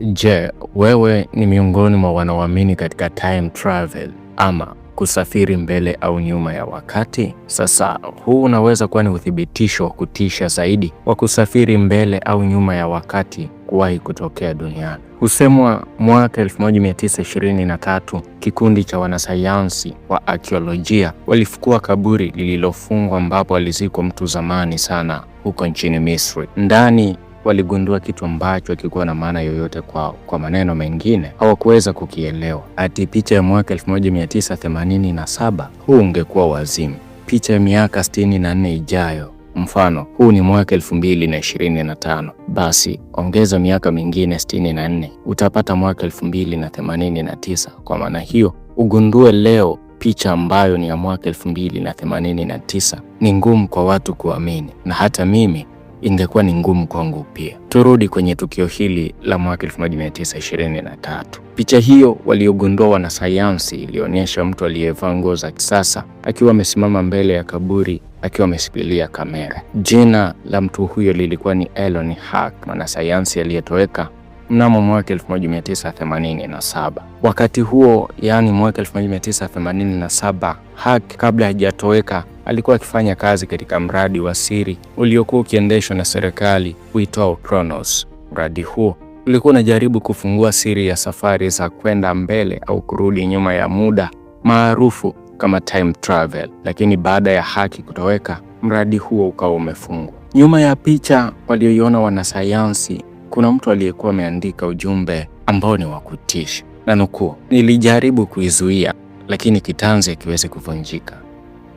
Je, wewe ni miongoni mwa wanaoamini katika time travel ama kusafiri mbele au nyuma ya wakati? Sasa huu unaweza kuwa ni uthibitisho wa kutisha zaidi wa kusafiri mbele au nyuma ya wakati kuwahi kutokea duniani. Husemwa mwaka 1923 kikundi cha wanasayansi wa akiolojia walifukua kaburi lililofungwa ambapo alizikwa mtu zamani sana huko nchini Misri. Ndani waligundua kitu ambacho hakikuwa na maana yoyote kwao. Kwa maneno mengine, hawakuweza kukielewa. Ati picha ya mwaka 1987 huu ungekuwa wazimu, picha ya miaka 64 ijayo Mfano, huu ni mwaka 2025, basi ongeza miaka mingine 64 utapata mwaka 2089. Kwa maana hiyo, ugundue leo picha ambayo ni ya mwaka 2089 ni ngumu kwa watu kuamini, na hata mimi ingekuwa ni ngumu kwangu pia. Turudi kwenye tukio hili la mwaka 1923. Picha hiyo waliogundua wanasayansi ilionyesha mtu aliyevaa nguo za kisasa akiwa amesimama mbele ya kaburi akiwa ameshikilia kamera. Jina la mtu huyo lilikuwa ni Elon Huq, mwanasayansi aliyetoweka mnamo mwaka 1987. Wakati huo, yaani mwaka 1987, Hak kabla hajatoweka alikuwa akifanya kazi katika mradi wa siri uliokuwa ukiendeshwa na serikali uitwao Kronos. Mradi huo ulikuwa unajaribu kufungua siri ya safari za kwenda mbele au kurudi nyuma ya muda maarufu kama time travel, lakini baada ya Haki kutoweka, mradi huo ukawa umefungwa. Nyuma ya picha walioiona wanasayansi kuna mtu aliyekuwa ameandika ujumbe ambao ni wa kutisha, na nukuu, nilijaribu kuizuia lakini kitanzi hakiwezi kuvunjika,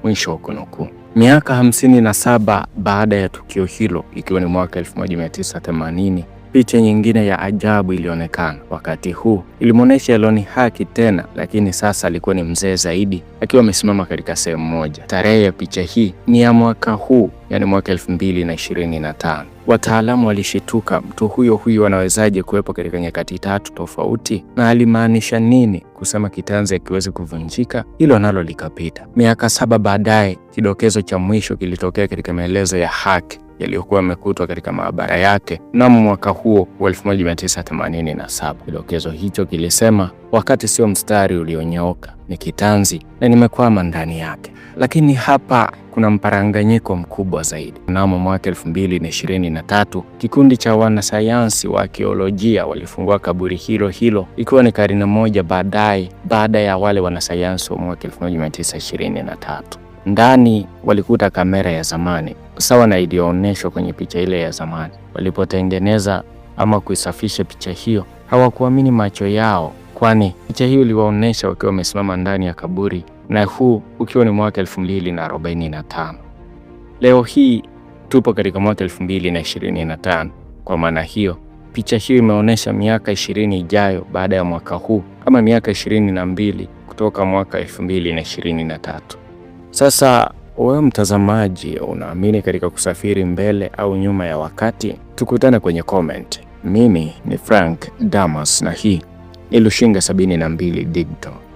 mwisho wa kunukuu. Miaka 57 baada ya tukio hilo, ikiwa ni mwaka 1980 Picha nyingine ya ajabu ilionekana. Wakati huu ilimwonyesha Loni Haki tena, lakini sasa alikuwa ni mzee zaidi, akiwa amesimama katika sehemu moja. Tarehe ya picha hii ni ya mwaka huu, yani mwaka elfu mbili na ishirini na tano. Wataalamu walishituka, mtu huyo huyo anawezaje kuwepo katika nyakati tatu tofauti? Na alimaanisha nini kusema kitanzi akiwezi kuvunjika? Hilo nalo likapita. Miaka saba baadaye, kidokezo cha mwisho kilitokea katika maelezo ya Haki yaliyokuwa yamekutwa katika maabara yake mnamo mwaka huo wa 1987. Kidokezo hicho kilisema, wakati sio mstari ulionyooka, ni kitanzi na nimekwama ndani yake. Lakini hapa kuna mparanganyiko mkubwa zaidi. Mnamo mwaka 2023 kikundi cha wanasayansi wa akiolojia walifungua kaburi hilo hilo, ikiwa ni karne moja baadaye baada ya wale wanasayansi wa mwaka 1923. Ndani walikuta kamera ya zamani sawa na iliyoonyeshwa kwenye picha ile ya zamani. Walipotengeneza ama kuisafisha picha hiyo, hawakuamini macho yao, kwani picha hiyo iliwaonyesha wakiwa wamesimama ndani ya kaburi, na huu ukiwa ni mwaka tano. Leo hii tupo katika mwaka tano. Kwa maana hiyo picha hiyo imeonyesha miaka ishirini ijayo baada ya mwaka huu, kama miaka ishirini na mbili kutoka mwaka 2023. Sasa wewe mtazamaji, unaamini katika kusafiri mbele au nyuma ya wakati? Tukutane kwenye comment. Mimi ni Frank Damas na hii ni Lushinge 72 Digital.